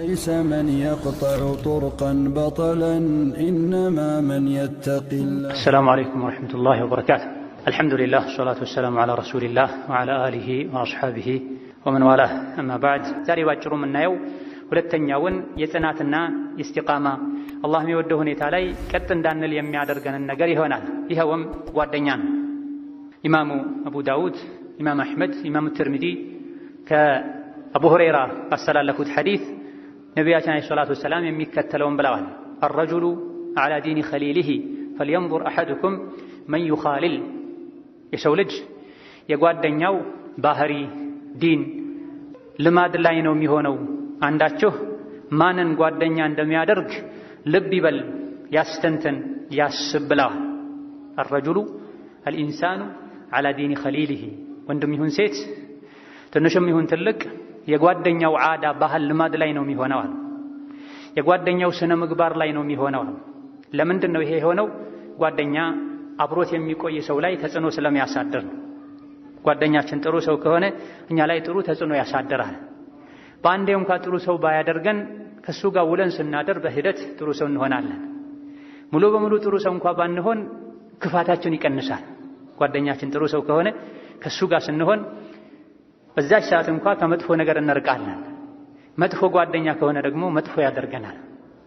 ليس من يقطع طرقا بطلا انما من يتقي الله السلام عليكم ورحمه الله وبركاته الحمد لله والصلاه والسلام على رسول الله وعلى اله واصحابه ومن والاه اما بعد تاري واجروا من ولتنياون يصناتنا استقامه الله يوده هنيتا لاي قط اندانل يمي ادرغن النجر يهونال يهوم غادنيان امام ابو داود امام احمد امام الترمذي ك ابو هريره اصل لكوت حديث نبي عليه الصلاه والسلام يميكتلون بلغان الرجل على دين خليله فلينظر احدكم من يخالل يسولج يقعد دنياو باهري دين لما دلعينو ميهونو عنداتشو مانن قعد دنيا عندما يدرك لبي بل يستنتن يسبلا الرجل الانسان على دين خليله وندم يهون سيت تنشم يهون تلك የጓደኛው ዓዳ ባህል፣ ልማድ ላይ ነው የሚሆነው አሉ። የጓደኛው ስነ ምግባር ላይ ነው የሚሆነው አሉ። ለምንድን ነው ይሄ የሆነው? ጓደኛ አብሮት የሚቆይ ሰው ላይ ተጽዕኖ ስለሚያሳድር ነው። ጓደኛችን ጥሩ ሰው ከሆነ እኛ ላይ ጥሩ ተጽዕኖ ያሳድራል። በአንዴ እንኳ ጥሩ ሰው ባያደርገን ከእሱ ጋር ውለን ስናደር በሂደት ጥሩ ሰው እንሆናለን። ሙሉ በሙሉ ጥሩ ሰው እንኳ ባንሆን ክፋታችን ይቀንሳል። ጓደኛችን ጥሩ ሰው ከሆነ ከእሱ ጋር ስንሆን በዛች ሰዓት እንኳ ከመጥፎ ነገር እንርቃለን። መጥፎ ጓደኛ ከሆነ ደግሞ መጥፎ ያደርገናል።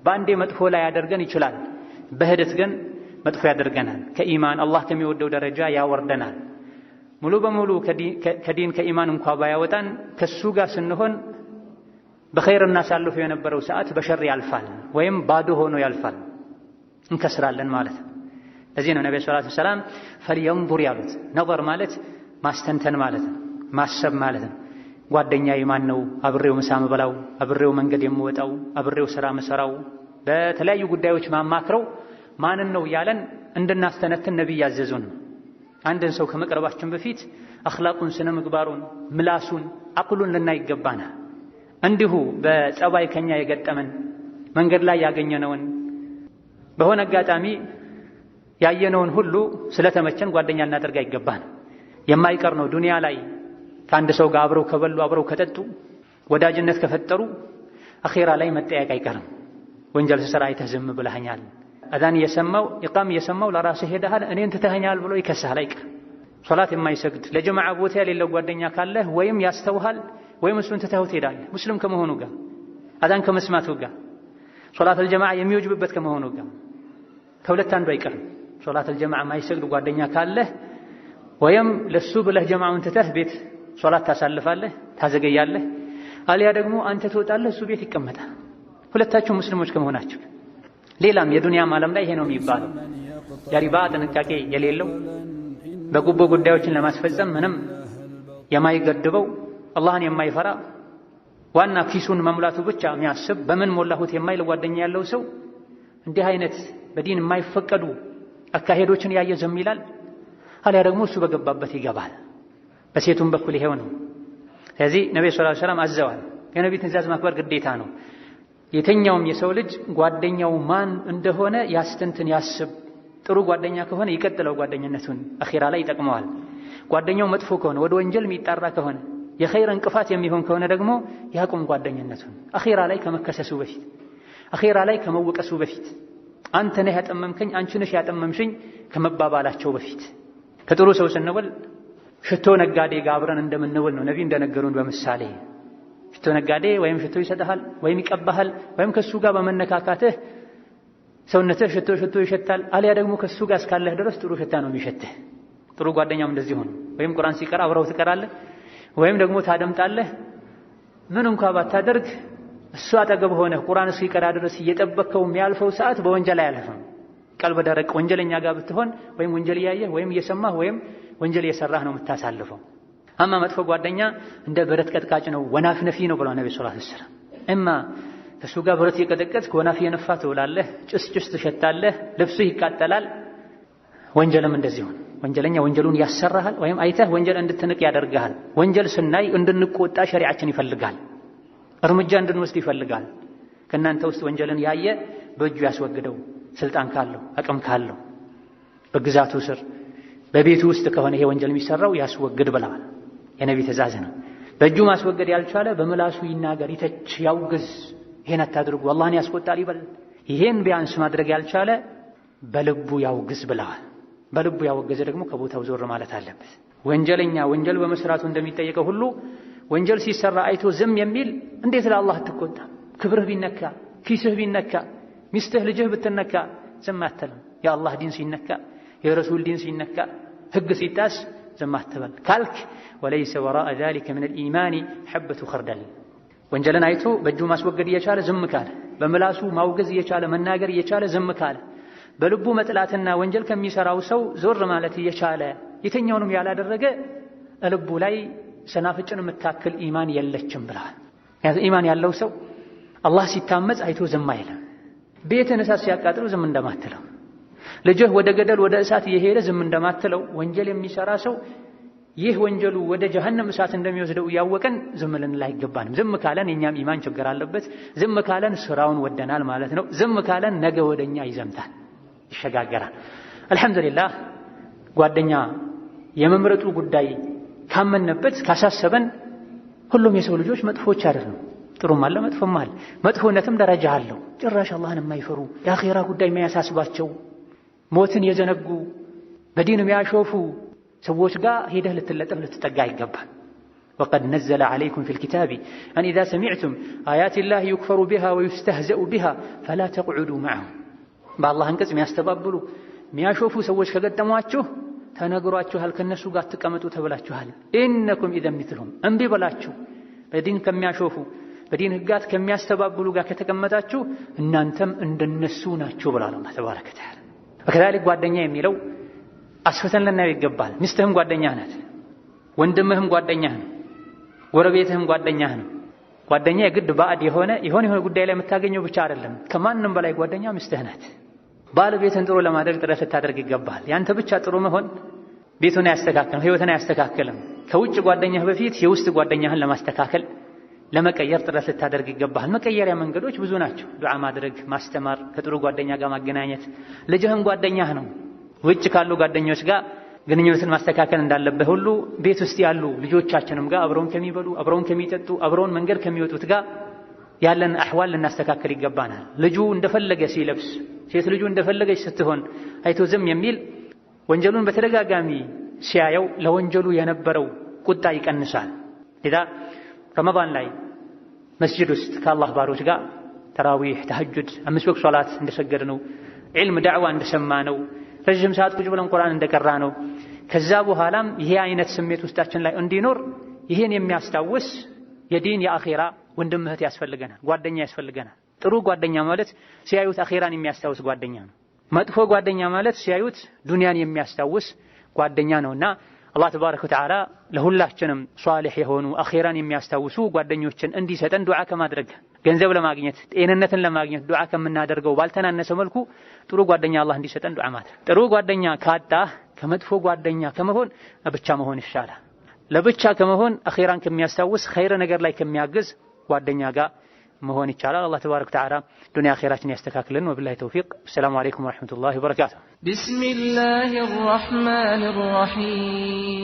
በአንዴ መጥፎ ላይ ያደርገን ይችላል። በሂደት ግን መጥፎ ያደርገናል። ከኢማን አላህ ከሚወደው ደረጃ ያወርደናል። ሙሉ በሙሉ ከዲን ከኢማን እንኳ ባያወጣን ከሱ ጋር ስንሆን በኸይር እናሳልፈው የነበረው ሰዓት በሸር ያልፋል፣ ወይም ባዶ ሆኖ ያልፋል። እንከስራለን ማለት ነው። ለዚህ ነው ነቢ ሰላቱ ሰላም ፈልየንዙር ያሉት። ነበር ማለት ማስተንተን ማለት ነው። ማሰብ ማለት ነው። ጓደኛዬ ማን ነው? አብሬው ምሳ ምበላው፣ አብሬው መንገድ የምወጣው፣ አብሬው ስራ ምሰራው፣ በተለያዩ ጉዳዮች ማማክረው ማንን ነው እያለን እንድናስተነትን ነቢይ ያዘዙን። አንድን ሰው ከመቅረባችን በፊት አኽላቁን፣ ስነ ምግባሩን፣ ምላሱን፣ አቅሉን ልናይ ይገባና እንዲሁ በጸባይ ከኛ የገጠመን መንገድ ላይ ያገኘነውን በሆነ አጋጣሚ ያየነውን ሁሉ ስለተመቸን ጓደኛ ልናደርግ አይገባን። የማይቀር ነው ዱንያ ላይ ከአንድ ሰው ጋር አብረው ከበሉ አብረው ከጠጡ ወዳጅነት ከፈጠሩ አኼራ ላይ መጠየቅ አይቀርም። ወንጀል ስሰራ አይተህ ዝም ብለኸኛል፣ አዛን እየሰማው ኢቃም የሰማው ለራስህ ሄደሃል እኔን ትተኸኛል ብሎ ይከስሃል አይቀር። ሶላት የማይሰግድ ለጀማዓ ቦታ የሌለው ጓደኛ ካለህ ወይም ያስተውሃል ወይም እሱን ትተኸው ትሄዳለህ። ሙስሊም ከመሆኑ ጋር አዛን ከመስማቱ ጋር ሶላት አልጀማዓ የሚወጅብበት ከመሆኑ ጋር ከሁለት አንዱ አይቀርም። ሶላት አልጀማዓ የማይሰግድ ጓደኛ ካለህ ወይም ለሱ ብለህ ጀማዓውን ትተህ ቤት ሶላት ታሳልፋለህ፣ ታዘገያለህ። አሊያ ደግሞ አንተ ትወጣለህ፣ እሱ ቤት ይቀመጣል። ሁለታችሁ ሙስሊሞች ከመሆናችሁ ሌላም የዱንያም ዓለም ላይ ይሄ ነው የሚባለው የሪባ ጥንቃቄ የሌለው በጉቦ ጉዳዮችን ለማስፈጸም ምንም የማይገድበው አላህን የማይፈራ ዋና ኪሱን መሙላቱ ብቻ የሚያስብ በምን ሞላሁት የማይል ጓደኛ ያለው ሰው እንዲህ አይነት በዲን የማይፈቀዱ አካሄዶችን ያየ ዝም ይላል። አሊያ ደግሞ እሱ በገባበት ይገባል። በሴቱም በኩል ይሄው ነው። ስለዚህ ነቢ ዐለይሂ ወሰለም አዘዋል። የነቢ ትእዛዝ ማክበር ግዴታ ነው። የትኛውም የሰው ልጅ ጓደኛው ማን እንደሆነ ያስተንትን፣ ያስብ። ጥሩ ጓደኛ ከሆነ ይቀጥለው ጓደኝነቱን፣ አኺራ ላይ ይጠቅመዋል። ጓደኛው መጥፎ ከሆነ ወደ ወንጀል የሚጣራ ከሆነ የኸይር እንቅፋት የሚሆን ከሆነ ደግሞ ያቁም ጓደኝነቱን፣ አኺራ ላይ ከመከሰሱ በፊት፣ አኺራ ላይ ከመወቀሱ በፊት፣ አንተ ነህ ያጠመምከኝ፣ አንቺ ነሽ ያጠመምሽኝ ከመባባላቸው በፊት ከጥሩ ሰው ስንብል ሽቶ ነጋዴ ጋር አብረን እንደምንውል ነው ነቢይ እንደነገሩን በምሳሌ ሽቶ ነጋዴ ወይም ሽቶ ይሰጥሃል ወይም ይቀባሃል ወይም ከሱ ጋር በመነካካትህ ሰውነትህ ሽቶ ሽቶ ይሸታል። አልያ ደግሞ ከሱ ጋር እስካለህ ድረስ ጥሩ ሽታ ነው የሚሸትህ። ጥሩ ጓደኛም እንደዚህ ሆነ። ወይም ቁርአን ሲቀራ አብረው ትቀራለህ፣ ወይም ደግሞ ታደምጣለህ። ምን እንኳ ባታደርግ እሱ አጠገብ ሆነህ ቁርአን እስኪቀራ ድረስ እየጠበቅከው የሚያልፈው ሰዓት በወንጀል አያልፍም። ቀልበ ደረቅ ወንጀለኛ ጋር ብትሆን ወይም ወንጀል እያየህ ወይም እየሰማህ ወይም ወንጀል የሰራህ ነው የምታሳልፈው። አማ መጥፎ ጓደኛ እንደ ብረት ቀጥቃጭ ነው፣ ወናፍነፊ ነው ብሏ ነቢ ሰለላሁ ዐለይሂ ወሰለም። እማ ከእሱ ጋር ብረት እየቀጠቀጥክ ወናፍ የነፋ ትውላለህ፣ ጭስ ጭስ ትሸታለህ፣ ልብስህ ይቃጠላል። ወንጀልም እንደዚህ ነው። ወንጀለኛ ወንጀሉን ያሰራሃል ወይም አይተህ ወንጀል እንድትንቅ ያደርግሃል። ወንጀል ስናይ እንድንቆጣ ሸሪዓችን ይፈልጋል። እርምጃ እንድንወስድ ይፈልጋል። ከእናንተ ውስጥ ወንጀልን ያየ በእጁ ያስወግደው፣ ስልጣን ካለው አቅም ካለው በግዛቱ ስር በቤቱ ውስጥ ከሆነ ይሄ ወንጀል የሚሰራው ያስወግድ ብለዋል። የነቢ ትእዛዝ ነው። በእጁ ማስወገድ ያልቻለ በምላሱ ይናገር፣ ይተች፣ ያውግዝ። ይሄን አታድርጉ አላህን ያስቆጣል ይበል። ይሄን ቢያንስ ማድረግ ያልቻለ በልቡ ያውግዝ ብለዋል። በልቡ ያወገዘ ደግሞ ከቦታው ዞር ማለት አለበት። ወንጀለኛ ወንጀል በመስራቱ እንደሚጠየቀው ሁሉ ወንጀል ሲሰራ አይቶ ዝም የሚል እንዴት ለአላህ አትቆጣ? ክብርህ ቢነካ፣ ኪስህ ቢነካ፣ ሚስትህ ልጅህ ብትነካ ዝም አትልም። የአላህ ዲን ሲነካ፣ የረሱል ዲን ሲነካ ህግ ሲጣስ ዝም አትበል ካልክ ወለይሰ ወራአ ዛሊከ ምን ልኢማኒ ሐበቱ ኸርደል። ወንጀልን አይቶ በእጁ ማስወገድ እየቻለ ዝም ካለ፣ በምላሱ ማውገዝ እየቻለ መናገር እየቻለ ዝም ካለ፣ በልቡ መጥላትና ወንጀል ከሚሰራው ሰው ዞር ማለት እየቻለ የትኛውንም ያላደረገ እልቡ ላይ ሰናፍጭን የምታክል ኢማን የለችም ብለዋል። ኢማን ያለው ሰው አላህ ሲታመጽ አይቶ ዝም አይልም። ቤትን እሳት ሲያቃጥሉ ዝም እንደማትለው ልጅህ ወደ ገደል ወደ እሳት እየሄደ ዝም እንደማትለው ወንጀል የሚሰራ ሰው ይህ ወንጀሉ ወደ ጀሀነም እሳት እንደሚወስደው እያወቀን ዝም ልንል አይገባንም። ዝም ካለን የእኛም ኢማን ችግር አለበት። ዝም ካለን ስራውን ወደናል ማለት ነው። ዝም ካለን ነገ ወደኛ ይዘምታል፣ ይሸጋገራል። አልሐምዱሊላህ ጓደኛ የመምረጡ ጉዳይ ካመነበት ካሳሰበን፣ ሁሉም የሰው ልጆች መጥፎች አይደሉም። ጥሩም አለ፣ መጥፎም አለ። መጥፎነትም ደረጃ አለው። ጭራሽ አላህን የማይፈሩ የአኼራ ጉዳይ የማያሳስባቸው። ሞትን የዘነጉ በዲን የሚያሾፉ ሰዎች ጋር ሄደህ ልትለጠፍ ልትጠጋ ይገባል። ወቀድ ነዘለ ዓለይኩም ፊል ኪታቢ አን ኢዛ ሰሚዕቱም አያት ላህ ዩክፈሩ ቢሃ ወዩስተህዘኡ ቢሃ ፈላ ተቅዑዱ መዐሁም። በአላህ አንቀጽ የሚያስተባብሉ የሚያሾፉ ሰዎች ከገጠሟችሁ ተነግሯችኋል፣ ከእነሱ ጋር ትቀመጡ ተብላችኋል። ኢነኩም ኢዘን ሚትልሁም እምቢ በላችሁ በዲን ከሚያሾፉ በዲን ህጋት ከሚያስተባብሉ ጋር ከተቀመጣችሁ እናንተም እንደነሱ ናችሁ ብሏል አላህ ተባረከ ወተዓላ። ከዛሊክ ጓደኛ የሚለው አስፍተን ልናየው ይገባል። ሚስትህም ጓደኛህ ናት፣ ወንድምህም ጓደኛህ ነው፣ ጎረቤትህም ጓደኛህ ነው። ጓደኛ የግድ ባዕድ የሆነ የሆነ የሆነ ጉዳይ ላይ የምታገኘው ብቻ አይደለም። ከማንም በላይ ጓደኛ ሚስትህ ናት። ባለቤትህን ጥሩ ለማድረግ ጥረት ልታደርግ ይገባል። ያንተ ብቻ ጥሩ መሆን ቤቱን አያስተካክልም፣ ህይወትን አያስተካክልም። ከውጭ ጓደኛህ በፊት የውስጥ ጓደኛህን ለማስተካከል ለመቀየር ጥረት ልታደርግ ይገባል። መቀየሪያ መንገዶች ብዙ ናቸው። ዱዓ ማድረግ፣ ማስተማር፣ ከጥሩ ጓደኛ ጋር ማገናኘት። ልጅህን ጓደኛህ ነው። ውጭ ካሉ ጓደኞች ጋር ግንኙነትን ማስተካከል እንዳለበት ሁሉ ቤት ውስጥ ያሉ ልጆቻችንም ጋር አብረውን ከሚበሉ አብረውን ከሚጠጡ አብረውን መንገድ ከሚወጡት ጋር ያለን አሕዋል ልናስተካከል ይገባናል። ልጁ እንደፈለገ ሲለብስ፣ ሴት ልጁ እንደፈለገች ስትሆን አይቶ ዝም የሚል ወንጀሉን በተደጋጋሚ ሲያየው ለወንጀሉ የነበረው ቁጣ ይቀንሳል። ረመዳን ላይ መስጅድ ውስጥ ከአላህ ባሮች ጋር ተራዊህ፣ ተሐጁድ፣ አምስት ወቅት ሶላት እንደሰገድ ነው፣ ዒልም ዳዕዋ እንደሰማ ነው፣ ረዥም ሰዓት ቁጭ ብለን ቁርአን እንደቀራ ነው። ከዛ በኋላም ይሄ አይነት ስሜት ውስጣችን ላይ እንዲኖር ይህን የሚያስታውስ የዲን የአኼራ ወንድም እህት ያስፈልገናል፣ ጓደኛ ያስፈልገናል። ጥሩ ጓደኛ ማለት ሲያዩት አኼራን የሚያስታውስ ጓደኛ ነው። መጥፎ ጓደኛ ማለት ሲያዩት ዱንያን የሚያስታውስ ጓደኛ ነውና አላህ ተባረከ ወተዓላ ለሁላችንም ሷሊህ የሆኑ አኼራን የሚያስታውሱ ጓደኞችን እንዲሰጠን ዱዓ ከማድረግ ገንዘብ ለማግኘት ጤንነትን ለማግኘት ዱዓ ከምናደርገው ባልተናነሰ መልኩ ጥሩ ጓደኛ አላህ እንዲሰጠን ዱዓ ማድረግ። ጥሩ ጓደኛ ካጣ ከመጥፎ ጓደኛ ከመሆን ብቻ መሆን ይሻላል። ለብቻ ከመሆን አኼራን ከሚያስታውስ ኸይር ነገር ላይ ከሚያግዝ ጓደኛ ጋር مهون تعالى الله تبارك وتعالى دنيا خيراتنا يستكاكلن وبالله توفيق السلام عليكم ورحمة الله وبركاته بسم الله الرحمن الرحيم